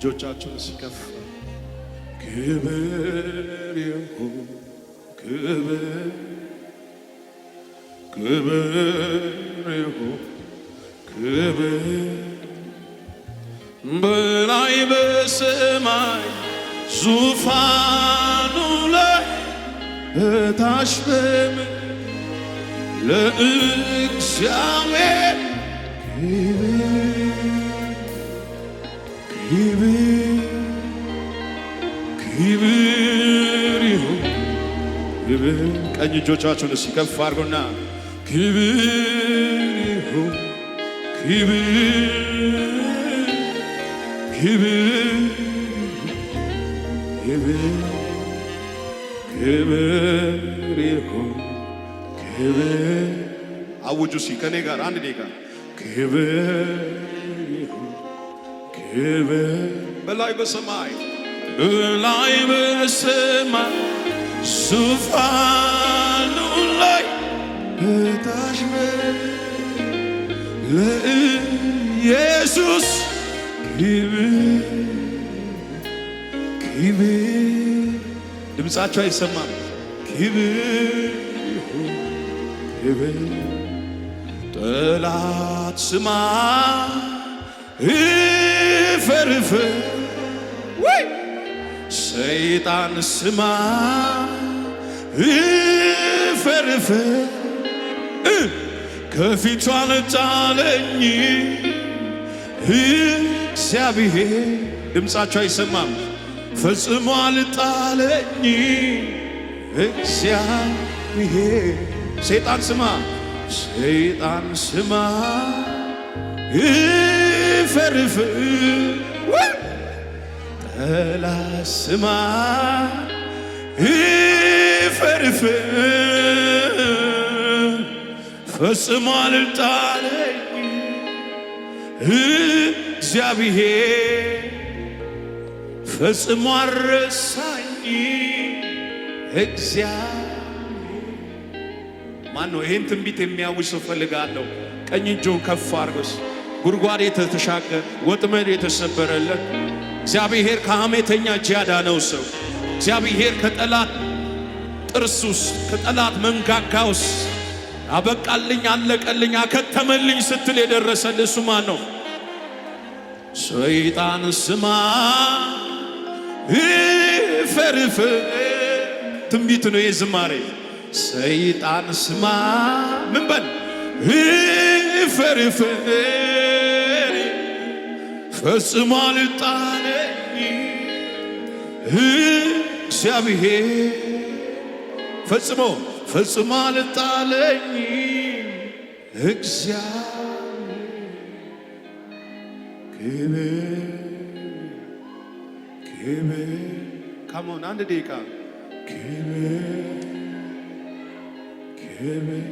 እጆቻችሁን ሲከፍ ክብር ይሁን ክብር ክብር ይሁን ክብር በላይ በሰማይ ዙፋኑ ላይ እታች በምድር ለእግዚአብሔር ክብር ክብር ቀኝ እጆቻችሁን እስኪ ከፍ አድርጎና ክብር ይሁን ክብር ክብር ክብር ይሁን ክብር። አውጁ እስኪ ከኔ ጋር አንድ ደቂቃ ክብር በላይ በሰማይ በላይ በሰማይ ዙፋኑ ላይ ታሽበ ለኢየሱስ ክብር ክብር ድምፃቸው አይሰማም። ክብር ክብር ጠላት ስማ እፈርፍ ወይ ሰይጣን ስማ እፈርፍ ከፊቱ አልጣለኝ እግዚአብሔር ድምፃቸው አይሰማም ፈጽሞ አልጣለኝ እግዚአብሔር ሰይጣን ስማ ሰይጣን ስማ ይፈርፍ ጠላት ስማ ይፈርፍ ፈጽሞ አልጣለኝ እግዚአብሔር ፈጽሞ እግዚአብሔር ማን ነው ይህን ትንቢት የሚያውጅ ፈልጋለሁ ቀኝ እጆን ከፍ አድርጎስ ጉድጓድ የተሻገረ ወጥመድ የተሰበረለት እግዚአብሔር ከሐሜተኛ እጅ ያዳነው ሰው እግዚአብሔር ከጠላት ጥርስ ውስጥ ከጠላት መንጋጋ ውስጥ አበቃልኝ፣ አለቀልኝ፣ አከተመልኝ ስትል የደረሰል እሱ ማን ነው? ሰይጣን ስማ ፈርፍ ትንቢት ነው የዝማሬ ሰይጣን ስማ ምን በል ፈርፍ ፈጽሞ አልጣለ እግዚአብሔር ፈጽሞ ፈጽሞ አልጣለኝ እግዚአብሔር ክብር ካመሆን አንድ ደቂቃ ክብር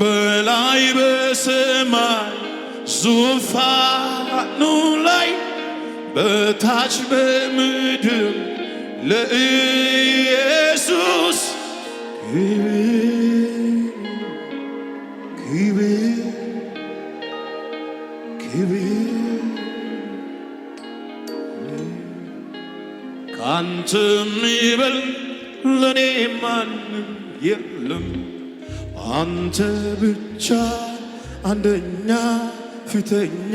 በላይ በሰማይ በዙፋኑ ላይ በታች በምድር ለኢየሱስ ክብር ክብር ካንተ የሚበልጥ ለእኔ ማንም የለም አንተ ብቻ አንደኛ ፊተኛ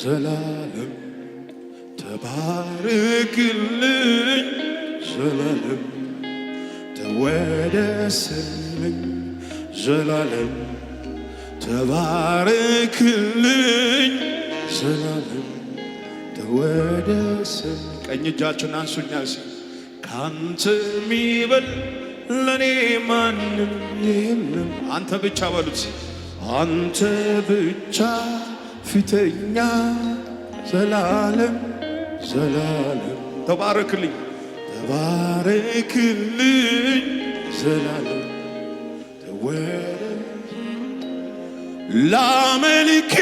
ዘላለም ተባርክልኝ ዘላለም ተወደስልኝ ዘላለም ተባርክልኝ ዘላለም ተወደስል ቀኝ እጃችሁን አንሱኛ ሲ ካንተ የሚበል ለእኔ ማንም የለም አንተ ብቻ በሉት አንተ ብቻ ፊተኛ ዘላለም ዘላለም ተባረክልኝ ተባረክልኝ ዘላለም ተወረ ላመልክ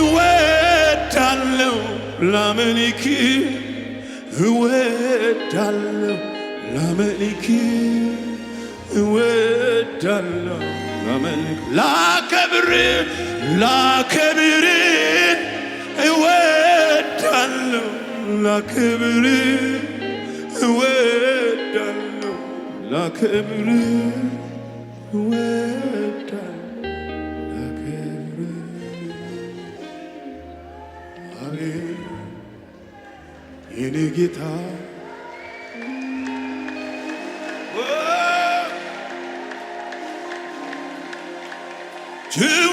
እወዳለው ላመልክ እወዳለው ላመልክ እወዳለው ላከብር ላከብር እወዳለሁ ላከብር እወዳለሁ ላከብር እወዳለሁ ላከብር የኔ ጌታ ችው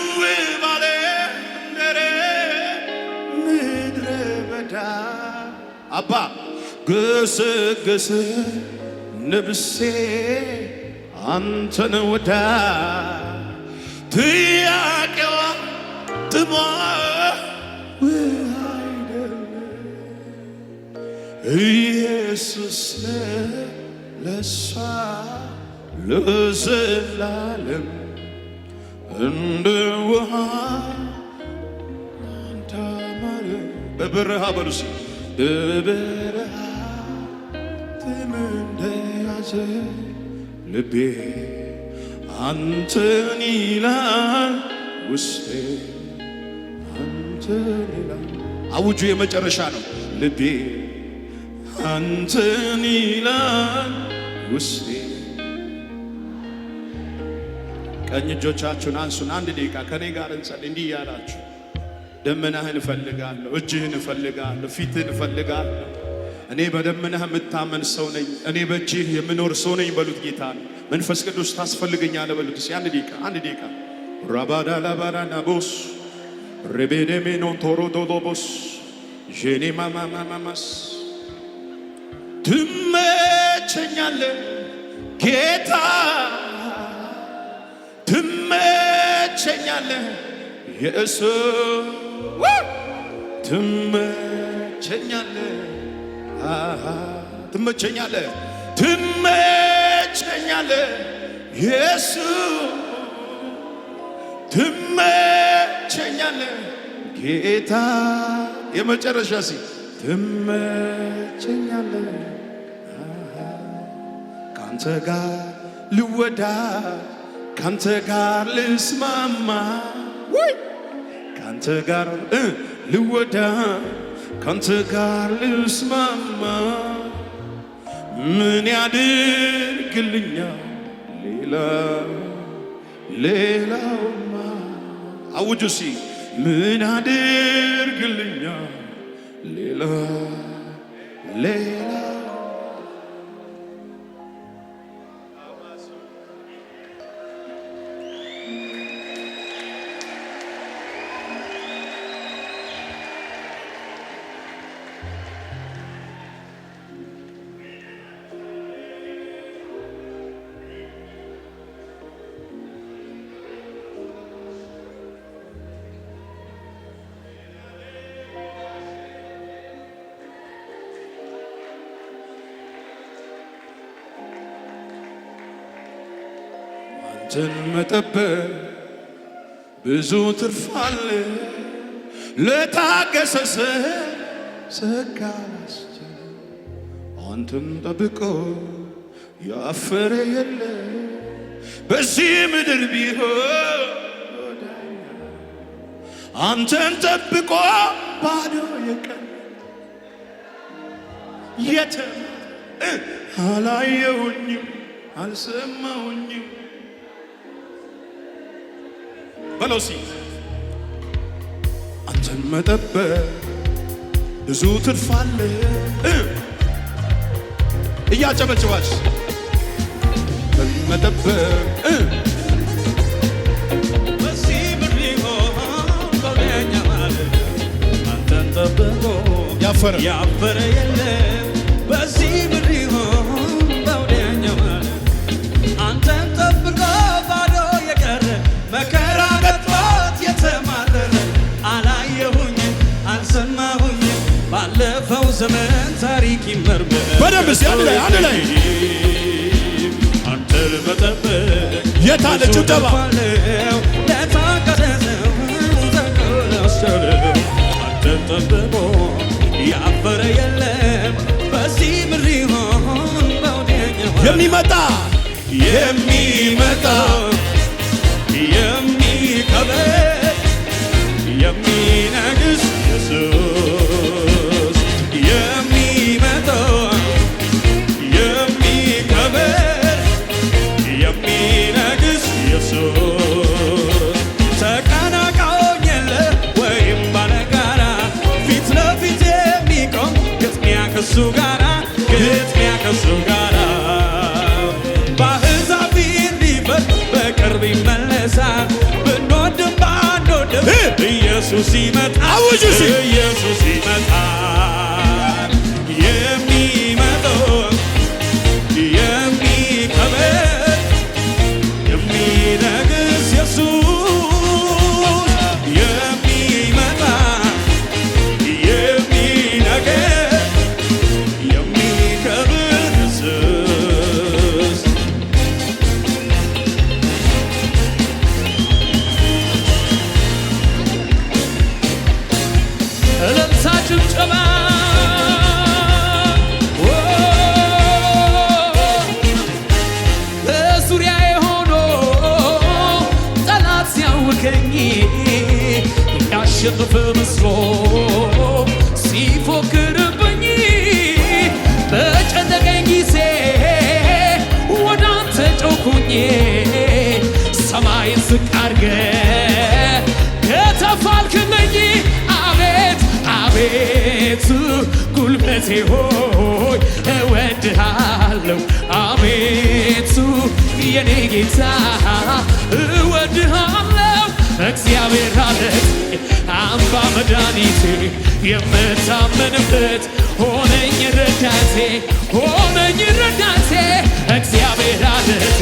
ምድረ በዳ አባ ገሰገሰ ነብሴ አንተን ወዳ ጥያቄዋ ጥሟ ኢየሱስ ለእሷ ለዘላለም እንደ ውሃ በበረሃ በሉሲ በበረሃ ልቤ አንተን ይላል ውስጤ አንተን ይላል። አውጁ የመጨረሻ ነው። ልቤ አንተን ይላል ውስጤ ቀኝ እጆቻችሁን አንሱን። አንድ ደቂቃ ከኔ ጋር እንጸል። እንዲህ እያላችሁ ደመናህን እፈልጋለሁ፣ እጅህን እፈልጋለሁ፣ ፊትህን እፈልጋለሁ። እኔ በደመናህ የምታመን ሰው ነኝ፣ እኔ በእጅህ የምኖር ሰው ነኝ በሉት። ጌታ መንፈስ ቅዱስ ታስፈልገኛለህ በሉት። እስኪ አንድ ደቂቃ አንድ ደቂቃ ራባዳ ላባዳ ናቦስ ሬቤዴሜኖ ቶሮ ዶዶቦስ ዤኔ ማማማማማስ ትመቸኛለህ ጌታ ትመቸኛለህ የሰው ትመቸኛለህ ትመቸኛለህ ትመቸኛለህ ኢየሱስ ትመቸኛለህ ጌታ የመጨረሻ ሲ ትመቸኛለህ ከአንተ ጋር ልወዳ ካንተ ጋር ልስማማ ወይ ካንተ ጋር ልወዳ ካንተ ጋር ልስማማ ምን ያድርግልኛል ሌላ ሌላውማ አውጁ ሲ ምን ያድርግልኛል ሌላ ሌላ አንተን መጠበቅ ብዙ ትርፍ አለ። ለታገሰሰ ጸጋ አስቻለው። አንተን ጠብቆ ያፈረ የለ በዚህ ምድር ቢሆን አንተን ጠብቆ ባዶ የቀረ የትም አላየውኝም አልሰማውኝም በለው ሲ አንተን መጠበቅ ብዙ ትርፋለ እያጨበጭባች አንተን መጠበቅ ያፈረ ያፈረ የለ የዘመን ታሪክ ይመርመር በደንብ እስኪ አንድ ላይ አንድ ላይ አንተን መጠበቅ የታለ ጭብጨባ አንተን ጠብቆ ያፈረ የለም በዚህ ምሪሆን የሚመጣ የሚመጣ ኢየሱስ ይመጣ፣ ኢየሱስ ይመጣ ጉልበቴ ሆይ እወድሃለሁ አቤቱ የኔ ጌታ እወድሃለሁ እግዚአብሔር አለት አምባ መድኃኒቴ የምታመንበት ሆነኝ ረዳቴ ሆነኝ ረዳቴ እግዚአብሔር አለቴ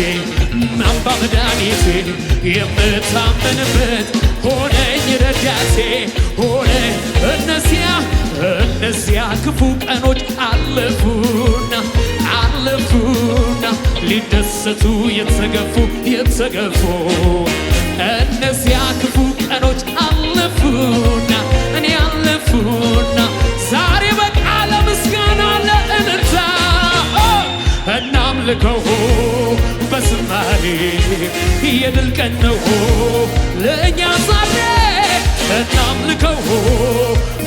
እናም በመድኃኒቴ የምታመንበት ሆነኝ ረዳቴ ሆነ። እነዚያ እነዚያ ክፉ ቀኖች አለፉና አለፉና ሊደሰቱ የተገፉ የተገፉ እነዚያ ክፉ ቀኖች አለፉ የድል ቀን ነው ለእኛ ዛሬ እናምልከው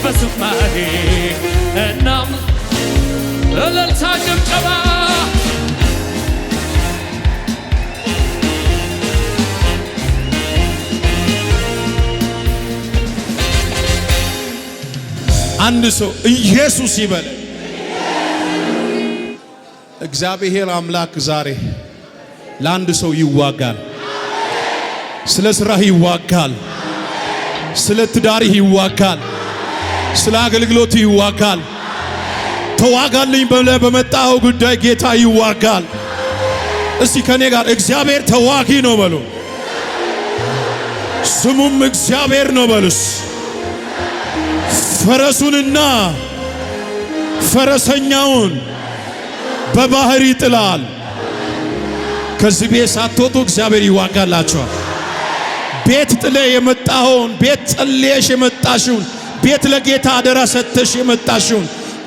በዝማሬ እናም እልልታ ጭብጨባ አንድ ሰው ኢየሱስ ይበለ እግዚአብሔር አምላክ ዛሬ ለአንድ ሰው ይዋጋል። ስለ ስራህ ይዋጋል። ስለ ትዳርህ ይዋጋል። ስለ አገልግሎትህ ይዋጋል። ተዋጋልኝ ብለህ በመጣኸው ጉዳይ ጌታ ይዋጋል። እስቲ ከኔ ጋር እግዚአብሔር ተዋጊ ነው በሉ። ስሙም እግዚአብሔር ነው በሉስ። ፈረሱንና ፈረሰኛውን በባህር ይጥላል። ከዚህ ቤት ሳትወጡ እግዚአብሔር ይዋጋላችኋል። ቤት ጥለ የመጣኸውን ቤት ጸልየሽ የመጣሽውን ቤት ለጌታ አደራ ሰጥተሽ የመጣሽውን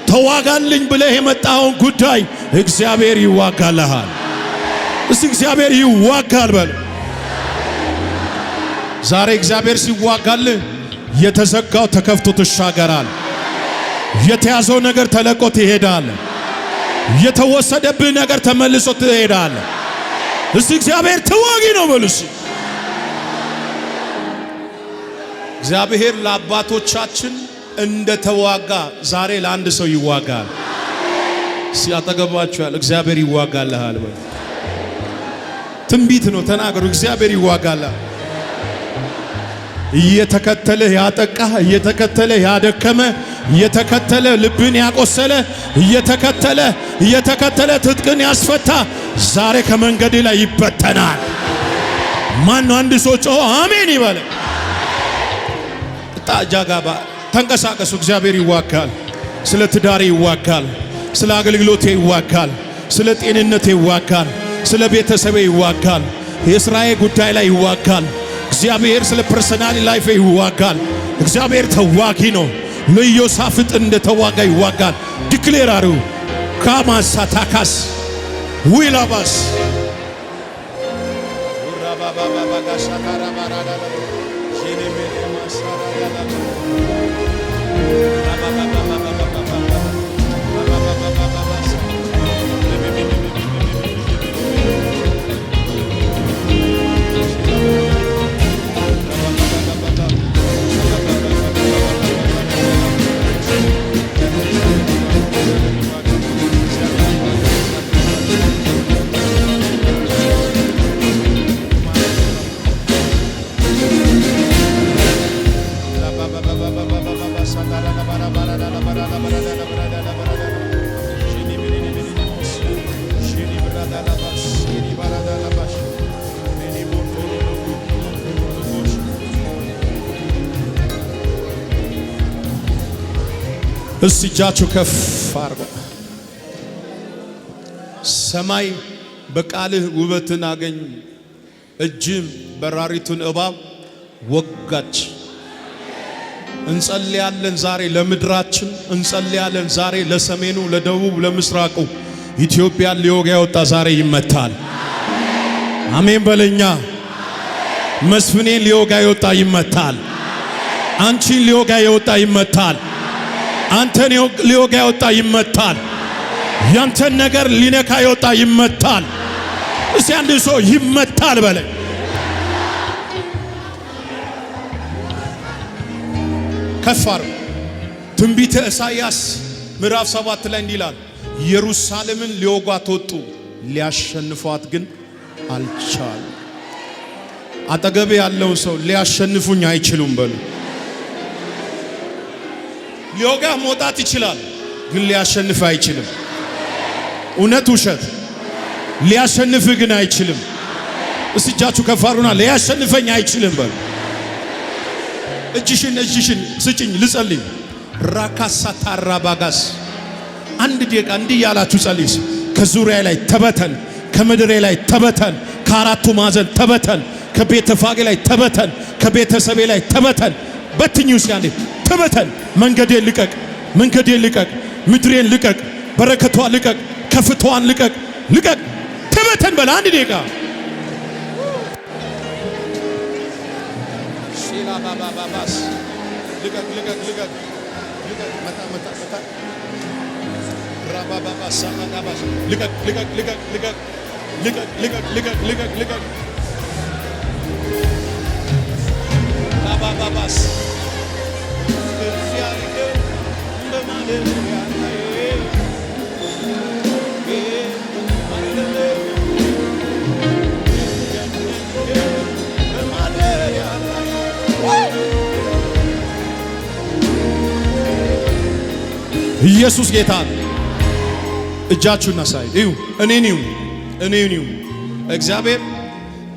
ተዋጋልኝ ብለህ የመጣኸውን ጉዳይ እግዚአብሔር ይዋጋልሃል። እስቲ እግዚአብሔር ይዋጋል በል። ዛሬ እግዚአብሔር ሲዋጋልህ የተዘጋው ተከፍቶ ትሻገራል። የተያዘው ነገር ተለቆ ትሄዳል። የተወሰደብህ ነገር ተመልሶ ትሄዳል። እስቲ እግዚአብሔር ተዋጊ ነው በሉስ። እግዚአብሔር ለአባቶቻችን እንደ ተዋጋ ዛሬ ለአንድ ሰው ይዋጋል። ሲያጠገባችኋል እግዚአብሔር ይዋጋልሃል። ትንቢት ነው ተናገሩ። እግዚአብሔር ይዋጋልሃል። እየተከተለ ያጠቃ፣ እየተከተለ ያደከመ፣ እየተከተለ ልብን ያቆሰለ፣ እየተከተለ እየተከተለ ትጥቅን ያስፈታ ዛሬ ከመንገድ ላይ ይበተናል። ማን ነው? አንድ ሰው ጮሆ አሜን ይበለ። ጣጃጋባ ተንቀሳቀሱ። እግዚአብሔር ይዋጋል። ስለ ትዳሬ ይዋጋል። ስለ አገልግሎቴ ይዋጋል። ስለ ጤንነቴ ይዋጋል። ስለ ቤተሰቤ ይዋጋል። የሥራዬ ጉዳይ ላይ ይዋጋል። እግዚአብሔር ስለ ፐርሰናል ላይፍ ይዋጋል። እግዚአብሔር ተዋጊ ነው። ለኢዮሳፍጥ እንደተዋጋ ይዋጋል። ዲክሌራሩ ካማሳ ታካስ We love us. እስቲ እጃችሁ ከፍ አርጎ ሰማይ በቃልህ ውበትን አገኝ፣ እጅም በራሪቱን እባብ ወጋች። እንጸልያለን ዛሬ ለምድራችን፣ እንጸልያለን ዛሬ ለሰሜኑ፣ ለደቡብ፣ ለምስራቁ ኢትዮጵያን ሊወጋ የወጣ ዛሬ ይመታል። አሜን በለኛ። መስፍኔን ሊወጋ የወጣ ይመታል። አንቺን ሊወጋ የወጣ ይመታል። አንተን ሊወጋ የወጣ ይመታል። ያንተን ነገር ሊነካ የወጣ ይመታል። እስቲ አንድ ሰው ይመታል በለኝ። ከፋር ትንቢተ ኢሳይያስ ምዕራፍ ሰባት ላይ እንዲህ ይላል፣ ኢየሩሳሌምን ሊወጓት ወጡ፣ ሊያሸንፏት ግን አልቻሉ። አጠገቤ ያለው ሰው ሊያሸንፉኝ አይችሉም በሉ። ሊወጋህ መውጣት ይችላል፣ ግን ሊያሸንፍ አይችልም። እውነት ውሸት ሊያሸንፍ ግን አይችልም። እስጃችሁ ከፋሩና ሊያሸንፈኝ አይችልም በሉ። እጅሽን እጅሽን ስጭኝ ልጸልይ። ራካሳ ታራ ባጋስ አንድ ደቂቃ እንዲህ ያላችሁ ጸልይስ። ከዙሪያ ላይ ተበተን፣ ከምድሬ ላይ ተበተን፣ ከአራቱ ማዕዘን ተበተን፣ ከቤተ ፋጌ ላይ ተበተን፣ ከቤተሰቤ ላይ ተበተን በትኙ ሲያኔ ተበተን። መንገዴን ልቀቅ፣ መንገዴን ልቀቅ፣ ምድሬን ልቀቅ፣ በረከቷ ልቀቅ፣ ከፍቷን ልቀቅ፣ ልቀቅ፣ ተበተን በለ አንድ ደቂቃ ልቀቅ፣ ልቀቅ ባባባስ ኢየሱስ ጌታ እጃችሁን ነሳይ እዩ እኔን እዩ እኔን እዩ እግዚአብሔር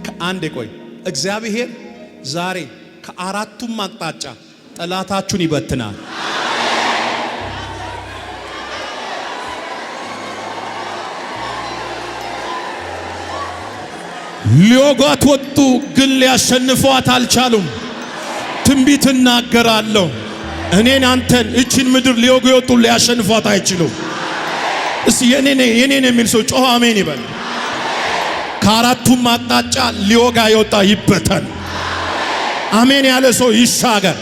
ከአንድ ቆይ እግዚአብሔር ዛሬ ከአራቱም አቅጣጫ ጠላታችሁን ይበትናል። ሊወጓት ወጡ፣ ግን ሊያሸንፏት አልቻሉም። ትንቢት እናገራለሁ። እኔን አንተን እችን ምድር ሊወጉ የወጡ ሊያሸንፏት አይችሉም። የኔ የኔን የሚል ሰው ጮኸ አሜን ይበል። ከአራቱም አቅጣጫ ሊወጋ የወጣ ይበተን። አሜን ያለ ሰው ይሻገር።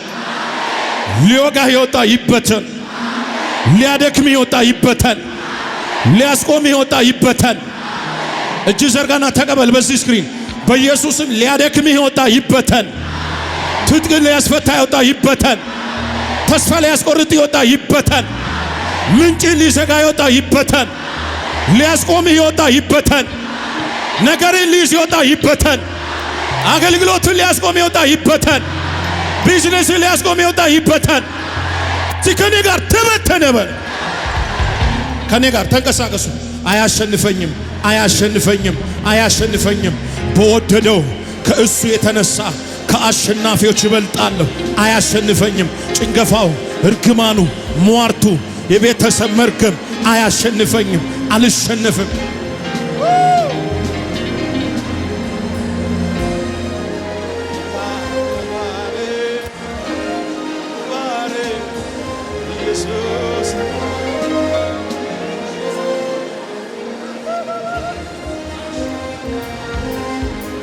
ሊወጋህ የወጣ ይበተን። ሊያደክም የወጣ ይበተን። ሊያስቆም የወጣ ይበተን። እጅ ዘርጋና ተቀበል። በዚህ ስክሪን በኢየሱስም ሊያደክም የወጣ ይበተን። ትጥቅ ሊያስፈታ የወጣ ይበተን። ተስፋ ሊያስቆርጥ የወጣ ይበተን። ምንጭ ሊዘጋ የወጣ ይበተን። ሊያስቆም የወጣ ይበተን። ነገርን ሊይዝ የወጣ ይበተን። አገልግሎቱን ሊያስቆም የወጣ ይበተን። ቢዝነስን ሊያስቆም የወጣ ይበተን። ከኔ ጋር ተበተነ በል። ከኔ ጋር ተንቀሳቀሱ። አያሸንፈኝም፣ አያሸንፈኝም፣ አያሸንፈኝም። በወደደው ከእሱ የተነሳ ከአሸናፊዎች ይበልጣለሁ። አያሸንፈኝም። ጭንገፋው፣ እርግማኑ፣ ሟርቱ፣ የቤተሰብ መርገም አያሸንፈኝም። አልሸነፍም።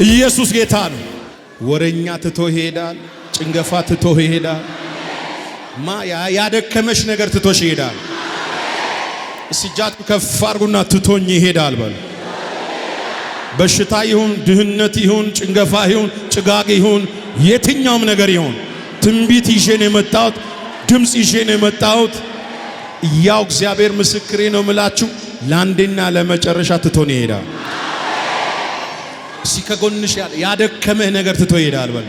ኢየሱስ ጌታ ነው። ወረኛ ትቶ ይሄዳል። ጭንገፋ ትቶ ይሄዳል። ማ ያደከመሽ ነገር ትቶሽ ይሄዳል። ሲጃት ከፍ አርጉና ትቶኝ ይሄዳል በሉ። በሽታ ይሁን ድህነት ይሁን ጭንገፋ ይሁን ጭጋግ ይሁን የትኛውም ነገር ይሁን ትንቢት ይዤ ነው የመጣሁት። ድምፅ ይዤ ነው የመጣሁት። ያው እግዚአብሔር ምስክሬ ነው የምላችሁ፣ ለአንዴና ለመጨረሻ ትቶን ይሄዳል። እስኪ ከጎንሽ ያደከመህ ነገር ትቶ ይሄዳል በል